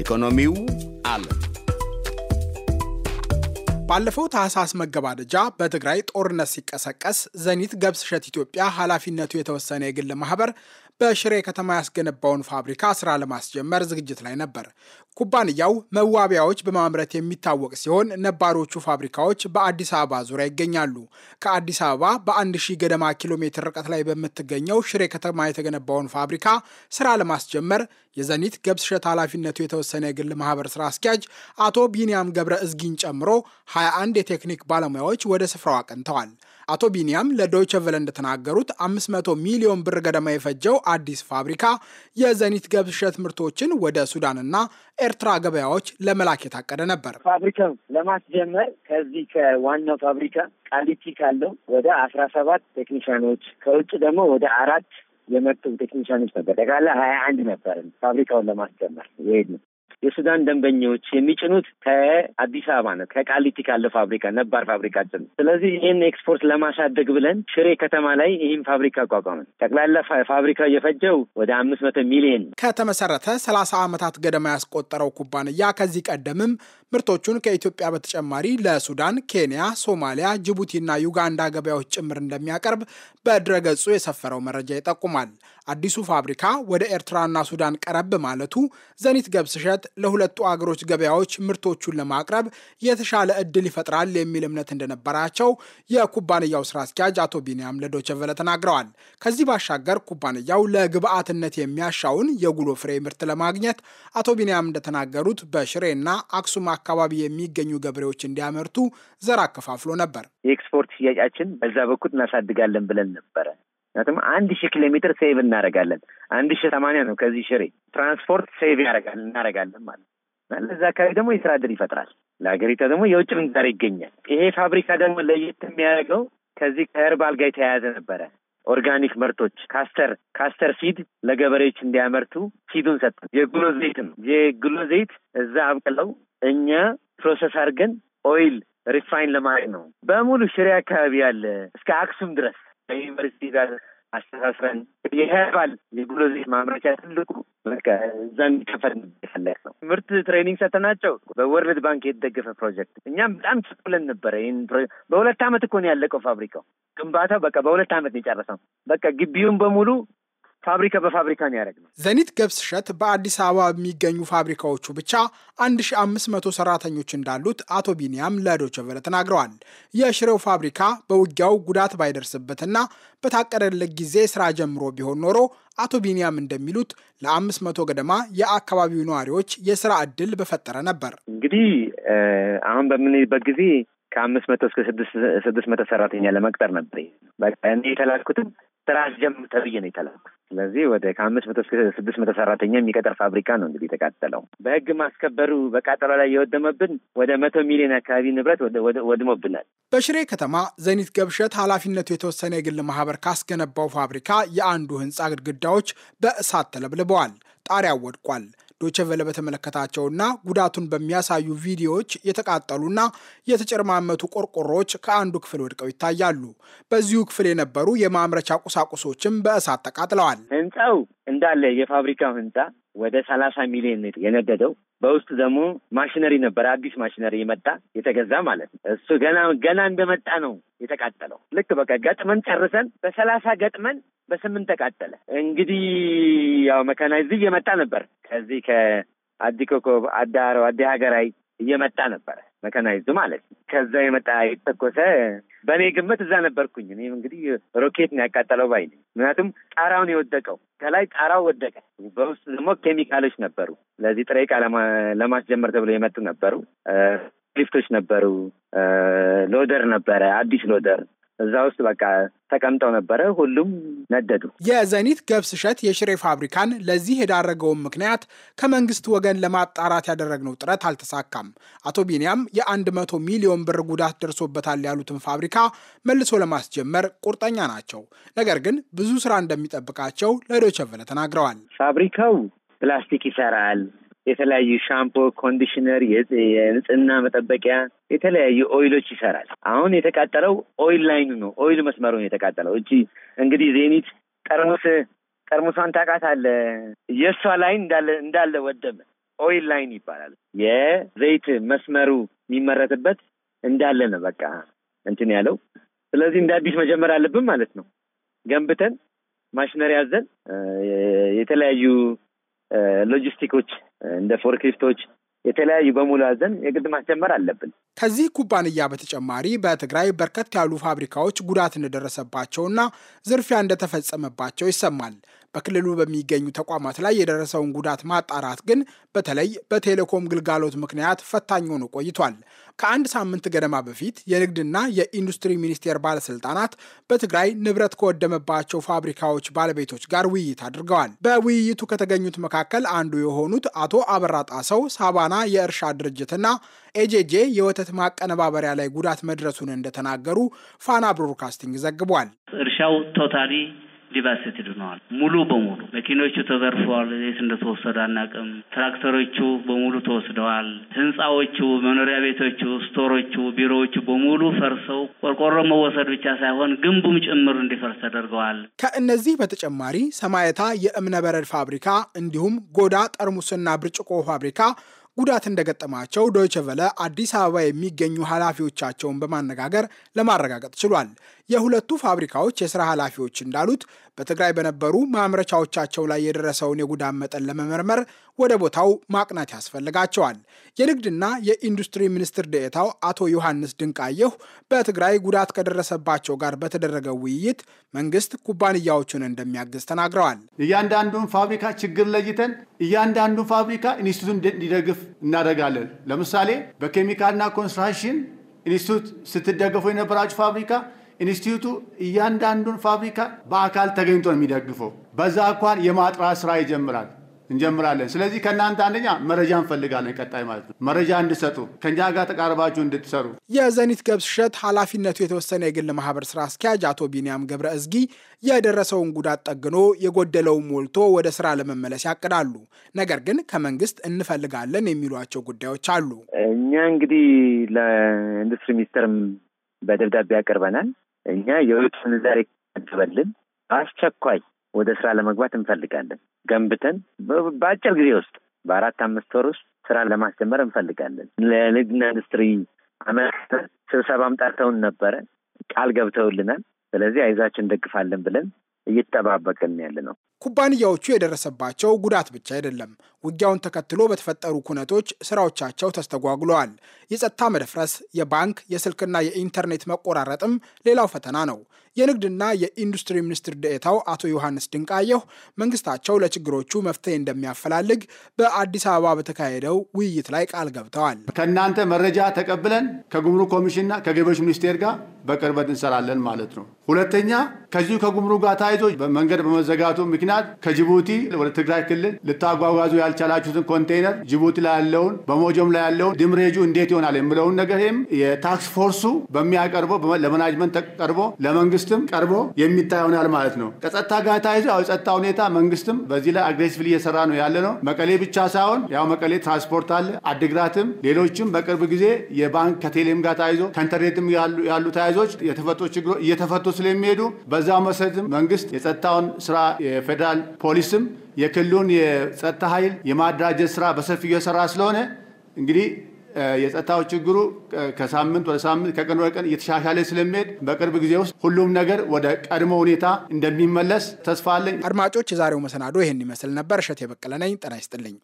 ኢኮኖሚው አለ። ባለፈው ታህሳስ መገባደጃ በትግራይ ጦርነት ሲቀሰቀስ ዘኒት ገብስ እሸት ኢትዮጵያ ኃላፊነቱ የተወሰነ የግል ማህበር በሽሬ ከተማ ያስገነባውን ፋብሪካ ስራ ለማስጀመር ዝግጅት ላይ ነበር። ኩባንያው መዋቢያዎች በማምረት የሚታወቅ ሲሆን ነባሮቹ ፋብሪካዎች በአዲስ አበባ ዙሪያ ይገኛሉ። ከአዲስ አበባ በአንድ ሺህ ገደማ ኪሎ ሜትር ርቀት ላይ በምትገኘው ሽሬ ከተማ የተገነባውን ፋብሪካ ስራ ለማስጀመር የዘኒት ገብስ እሸት ኃላፊነቱ የተወሰነ የግል ማህበር ስራ አስኪያጅ አቶ ቢንያም ገብረ እዝጊን ጨምሮ 21 የቴክኒክ ባለሙያዎች ወደ ስፍራው አቅንተዋል። አቶ ቢኒያም ለዶይቸ ቨለ እንደተናገሩት 500 ሚሊዮን ብር ገደማ የፈጀው አዲስ ፋብሪካ የዘኒት ገብሸት ምርቶችን ወደ ሱዳንና ኤርትራ ገበያዎች ለመላክ የታቀደ ነበር። ፋብሪካው ለማስጀመር ከዚህ ከዋናው ፋብሪካ ቃሊቲ ካለው ወደ አስራ ሰባት ቴክኒሽያኖች ከውጭ ደግሞ ወደ አራት የመጡ ቴክኒሽያኖች ነበር። ጠቅላላ ሀያ አንድ ነበርን ፋብሪካውን ለማስጀመር የሄድነው። የሱዳን ደንበኞች የሚጭኑት ከአዲስ አበባ ነው፣ ከቃሊቲ ካለ ፋብሪካ ነባር ፋብሪካችን። ስለዚህ ይህን ኤክስፖርት ለማሳደግ ብለን ሽሬ ከተማ ላይ ይህም ፋብሪካ አቋቋመን። ጠቅላላ ፋብሪካው የፈጀው ወደ አምስት መቶ ሚሊዮን። ከተመሰረተ ሰላሳ ዓመታት ገደማ ያስቆጠረው ኩባንያ ከዚህ ቀደምም ምርቶቹን ከኢትዮጵያ በተጨማሪ ለሱዳን፣ ኬንያ፣ ሶማሊያ፣ ጅቡቲና ዩጋንዳ ገበያዎች ጭምር እንደሚያቀርብ በድረገጹ የሰፈረው መረጃ ይጠቁማል። አዲሱ ፋብሪካ ወደ ኤርትራና ሱዳን ቀረብ ማለቱ ዘኒት ገብስ እሸት ለሁለቱ አገሮች ገበያዎች ምርቶቹን ለማቅረብ የተሻለ እድል ይፈጥራል የሚል እምነት እንደነበራቸው የኩባንያው ስራ አስኪያጅ አቶ ቢንያም ለዶቸቨለ ተናግረዋል። ከዚህ ባሻገር ኩባንያው ለግብአትነት የሚያሻውን የጉሎ ፍሬ ምርት ለማግኘት አቶ ቢንያም እንደተናገሩት በሽሬና አክሱም አካባቢ የሚገኙ ገበሬዎች እንዲያመርቱ ዘር አከፋፍሎ ነበር። የኤክስፖርት ሽያጫችን በዛ በኩል እናሳድጋለን ብለን ነበረ ምክንያቱም አንድ ሺህ ኪሎ ሜትር ሴቭ እናደርጋለን። አንድ ሺህ ሰማንያ ነው ከዚህ ሽሬ ትራንስፖርት ሴቭ ያደርጋል እናደርጋለን ማለት ለዛ አካባቢ ደግሞ የስራ እድል ይፈጥራል። ለሀገሪቷ ደግሞ የውጭ ምንዛሬ ይገኛል። ይሄ ፋብሪካ ደግሞ ለየት የሚያደርገው ከዚህ ከህርባል ጋር የተያያዘ ነበረ። ኦርጋኒክ ምርቶች ካስተር ካስተር ሲድ ለገበሬዎች እንዲያመርቱ ሲዱን ሰጠ። የጉሎ ዘይት ነው። የጉሎ ዘይት እዛ አብቅለው እኛ ፕሮሰስ አድርገን ኦይል ሪፋይን ለማድረግ ነው። በሙሉ ሽሬ አካባቢ ያለ እስከ አክሱም ድረስ በዩኒቨርሲቲ ጋር አስተሳስረን ይሄባል ይህ ባል የጉሎ ዘይት ማምረቻ ትልቁ በቃ እዛ እንዲከፈል ፈለግ ነው። ትምህርት ትሬኒንግ ሰተናቸው በወርልድ ባንክ የተደገፈ ፕሮጀክት እኛም በጣም ብለን ነበረ። ይህን በሁለት አመት እኮ ነው ያለቀው ፋብሪካው ግንባታው በቃ በሁለት አመት ነው የጨረሰው። በቃ ግቢውን በሙሉ ፋብሪካ በፋብሪካ ነው ዘኒት ገብስ እሸት በአዲስ አበባ በሚገኙ ፋብሪካዎቹ ብቻ 1500 ሰራተኞች እንዳሉት አቶ ቢኒያም ለዶቸቨለ ተናግረዋል። የሽሬው ፋብሪካ በውጊያው ጉዳት ባይደርስበትና በታቀደለት ጊዜ ስራ ጀምሮ ቢሆን ኖሮ አቶ ቢኒያም እንደሚሉት ለ500 ገደማ የአካባቢው ነዋሪዎች የስራ እድል በፈጠረ ነበር። እንግዲህ አሁን በምንይበት ጊዜ ከአምስት መቶ እስከ ስድስት መቶ ሰራተኛ ለመቅጠር ነበር። በቃ እኔ የተላኩትም ስራ አስጀምር ተብዬ ነው የተላኩት። ስለዚህ ወደ ከአምስት መቶ እስከ ስድስት መቶ ሰራተኛ የሚቀጠር ፋብሪካ ነው እንግዲህ የተቃጠለው። በህግ ማስከበሩ በቃጠሎ ላይ የወደመብን ወደ መቶ ሚሊዮን አካባቢ ንብረት ወድሞብናል። በሽሬ ከተማ ዘኒት ገብሸት ኃላፊነቱ የተወሰነ የግል ማህበር ካስገነባው ፋብሪካ የአንዱ ህንፃ ግድግዳዎች በእሳት ተለብልበዋል፣ ጣሪያው ወድቋል። ዶቸቨለ በተመለከታቸውና ጉዳቱን በሚያሳዩ ቪዲዮዎች የተቃጠሉና የተጨርማመቱ ቆርቆሮዎች ከአንዱ ክፍል ወድቀው ይታያሉ። በዚሁ ክፍል የነበሩ የማምረቻ ቁሳቁሶችም በእሳት ተቃጥለዋል። ህንፃው እንዳለ የፋብሪካው ህንፃ ወደ ሰላሳ ሚሊዮን የነደደው በውስጥ ደግሞ ማሽነሪ ነበር፣ አዲስ ማሽነሪ የመጣ የተገዛ ማለት ነው። እሱ ገና ገና እንደመጣ ነው የተቃጠለው። ልክ በቃ ገጥመን ጨርሰን በሰላሳ ገጥመን በስምንት ተቃጠለ። እንግዲህ ያው መካናይዝ እየመጣ ነበር ከዚህ ከአዲ ኮከብ አዳሮ አዲ ሀገራይ እየመጣ ነበረ። መካናይዝ ማለት ነው። ከዛ የመጣ የተተኮሰ በእኔ ግምት እዛ ነበርኩኝ። እኔም እንግዲህ ሮኬት ነው ያቃጠለው ባይ ነኝ። ምክንያቱም ጣራውን የወደቀው ከላይ ጣራው ወደቀ፣ በውስጥ ደግሞ ኬሚካሎች ነበሩ። ለዚህ ጥሬ ዕቃ ለማስጀመር ተብሎ የመጡ ነበሩ። ሊፍቶች ነበሩ። ሎደር ነበረ፣ አዲስ ሎደር እዛ ውስጥ በቃ ተቀምጠው ነበረ። ሁሉም ነደዱ። የዘኒት ገብስ እሸት የሽሬ ፋብሪካን ለዚህ የዳረገውን ምክንያት ከመንግስት ወገን ለማጣራት ያደረግነው ጥረት አልተሳካም። አቶ ቢንያም የአንድ መቶ ሚሊዮን ብር ጉዳት ደርሶበታል ያሉትን ፋብሪካ መልሶ ለማስጀመር ቁርጠኛ ናቸው። ነገር ግን ብዙ ስራ እንደሚጠብቃቸው ለዶቸቨለ ተናግረዋል። ፋብሪካው ፕላስቲክ ይሰራል፣ የተለያዩ ሻምፖ፣ ኮንዲሽነር፣ የንጽህና መጠበቂያ፣ የተለያዩ ኦይሎች ይሰራል። አሁን የተቃጠለው ኦይል ላይኑ ነው። ኦይል መስመሩ ነው የተቃጠለው። እቺ እንግዲህ ዜኒት ጠርሙስ ጠርሙሷን አለ የእሷ ላይን እንዳለ እንዳለ ወደመ። ኦይል ላይን ይባላል። የዘይት መስመሩ የሚመረትበት እንዳለ ነው። በቃ እንትን ያለው ስለዚህ እንደ አዲስ መጀመር አለብን ማለት ነው። ገንብተን ማሽነሪ ያዘን የተለያዩ ሎጂስቲኮች እንደ ፎርክሊፍቶች የተለያዩ በሙላዘን የግድ ማስጀመር አለብን። ከዚህ ኩባንያ በተጨማሪ በትግራይ በርከት ያሉ ፋብሪካዎች ጉዳት እንደደረሰባቸውና ዝርፊያ እንደተፈጸመባቸው ይሰማል። በክልሉ በሚገኙ ተቋማት ላይ የደረሰውን ጉዳት ማጣራት ግን በተለይ በቴሌኮም ግልጋሎት ምክንያት ፈታኝ ሆኖ ቆይቷል። ከአንድ ሳምንት ገደማ በፊት የንግድና የኢንዱስትሪ ሚኒስቴር ባለስልጣናት በትግራይ ንብረት ከወደመባቸው ፋብሪካዎች ባለቤቶች ጋር ውይይት አድርገዋል። በውይይቱ ከተገኙት መካከል አንዱ የሆኑት አቶ አበራ ጣሰው ሳባና የእርሻ ድርጅትና ኤጄጄ የወተት ማቀነባበሪያ ላይ ጉዳት መድረሱን እንደተናገሩ ፋና ብሮድካስቲንግ ዘግቧል። እርሻው ቶታሊ ዲቫስቴትድ ሆነዋል። ሙሉ በሙሉ መኪኖቹ ተዘርፈዋል። የት እንደተወሰደ አናቅም። ትራክተሮቹ በሙሉ ተወስደዋል። ህንፃዎቹ፣ መኖሪያ ቤቶቹ፣ ስቶሮቹ፣ ቢሮዎቹ በሙሉ ፈርሰው ቆርቆሮ መወሰድ ብቻ ሳይሆን ግንቡም ጭምር እንዲፈርስ ተደርገዋል። ከእነዚህ በተጨማሪ ሰማየታ የእብነበረድ ፋብሪካ እንዲሁም ጎዳ ጠርሙስና ብርጭቆ ፋብሪካ ጉዳት እንደገጠማቸው ዶይቸ ቨለ አዲስ አበባ የሚገኙ ኃላፊዎቻቸውን በማነጋገር ለማረጋገጥ ችሏል። የሁለቱ ፋብሪካዎች የስራ ኃላፊዎች እንዳሉት በትግራይ በነበሩ ማምረቻዎቻቸው ላይ የደረሰውን የጉዳት መጠን ለመመርመር ወደ ቦታው ማቅናት ያስፈልጋቸዋል። የንግድና የኢንዱስትሪ ሚኒስትር ደኤታው አቶ ዮሐንስ ድንቃየሁ በትግራይ ጉዳት ከደረሰባቸው ጋር በተደረገው ውይይት መንግስት ኩባንያዎቹን እንደሚያግዝ ተናግረዋል። እያንዳንዱን ፋብሪካ ችግር ለይተን እያንዳንዱን ፋብሪካ ኢንስቲቱት እንዲደግፍ እናደርጋለን። ለምሳሌ በኬሚካልና ኮንስትራክሽን ኢንስቲቱት ስትደገፉ የነበራችሁ ፋብሪካ ኢንስቲቱቱ እያንዳንዱን ፋብሪካ በአካል ተገኝቶ ነው የሚደግፈው። በዛ እንኳን የማጥራት ስራ ይጀምራል። እንጀምራለን። ስለዚህ ከእናንተ አንደኛ መረጃ እንፈልጋለን፣ ቀጣይ ማለት ነው። መረጃ እንድሰጡ ከእኛ ጋር ተቃርባችሁ እንድትሰሩ። የዘኒት ገብስ እሸት ኃላፊነቱ የተወሰነ የግል ማህበር ስራ አስኪያጅ አቶ ቢንያም ገብረ እዝጊ የደረሰውን ጉዳት ጠግኖ የጎደለውን ሞልቶ ወደ ስራ ለመመለስ ያቅዳሉ። ነገር ግን ከመንግስት እንፈልጋለን የሚሏቸው ጉዳዮች አሉ። እኛ እንግዲህ ለኢንዱስትሪ ሚኒስቴርም በደብዳቤ ያቀርበናል። እኛ የውጭ ምንዛሬ ቀበልን በአስቸኳይ ወደ ስራ ለመግባት እንፈልጋለን። ገንብተን በአጭር ጊዜ ውስጥ በአራት አምስት ወር ውስጥ ስራ ለማስጀመር እንፈልጋለን። ለንግድና ኢንዱስትሪ አመት ስብሰባም ጠርተውን ነበረ፣ ቃል ገብተውልናል። ስለዚህ አይዛችን እንደግፋለን ብለን እየተጠባበቅን ያለ ነው። ኩባንያዎቹ የደረሰባቸው ጉዳት ብቻ አይደለም። ውጊያውን ተከትሎ በተፈጠሩ ኩነቶች ስራዎቻቸው ተስተጓጉለዋል። የጸጥታ መደፍረስ፣ የባንክ የስልክና የኢንተርኔት መቆራረጥም ሌላው ፈተና ነው። የንግድና የኢንዱስትሪ ሚኒስትር ደኤታው አቶ ዮሐንስ ድንቃየሁ መንግስታቸው ለችግሮቹ መፍትሄ እንደሚያፈላልግ በአዲስ አበባ በተካሄደው ውይይት ላይ ቃል ገብተዋል። ከእናንተ መረጃ ተቀብለን ከጉምሩክ ኮሚሽንና ከገቢዎች ሚኒስቴር ጋር በቅርበት እንሰራለን ማለት ነው። ሁለተኛ ከዚሁ ከጉምሩ ጋር ታይዞ መንገድ በመዘጋቱ ምክንያት ከጅቡቲ ወደ ትግራይ ክልል ልታጓጓዙ ያልቻላችሁትን ኮንቴይነር ጅቡቲ ላይ ያለውን በሞጆም ላይ ያለውን ድምሬጁ እንዴት ይሆናል የሚለውን ነገር ይህም የታክስ ፎርሱ በሚያቀርበው ለመናጅመንት ቀርቦ ለመንግስትም ቀርቦ የሚታይ ይሆናል ማለት ነው። ከጸጥታ ጋር ታይዞ ያው የጸጥታ ሁኔታ መንግስትም በዚህ ላይ አግሬሲቭ እየሰራ ነው ያለ ነው። መቀሌ ብቻ ሳይሆን ያው መቀሌ ትራንስፖርት አለ፣ አድግራትም፣ ሌሎችም በቅርብ ጊዜ የባንክ ከቴሌም ጋር ታይዞ ከኢንተርኔትም ያሉ ታይዞች የተፈቱ ችግሮች እየተፈቱ ስለሚሄዱ በዛ መሰረትም መንግስት የጸጥታውን ስራ የፌዴራል ፖሊስም የክልሉን የጸጥታ ኃይል የማደራጀት ስራ በሰፊ እየሰራ ስለሆነ እንግዲህ የጸጥታው ችግሩ ከሳምንት ወደ ሳምንት ከቀን ወደ ቀን እየተሻሻለ ስለሚሄድ በቅርብ ጊዜ ውስጥ ሁሉም ነገር ወደ ቀድሞ ሁኔታ እንደሚመለስ ተስፋ አለኝ። አድማጮች፣ የዛሬው መሰናዶ ይህን ይመስል ነበር። እሸት የበቀለ ነኝ። ጤና ይስጥልኝ።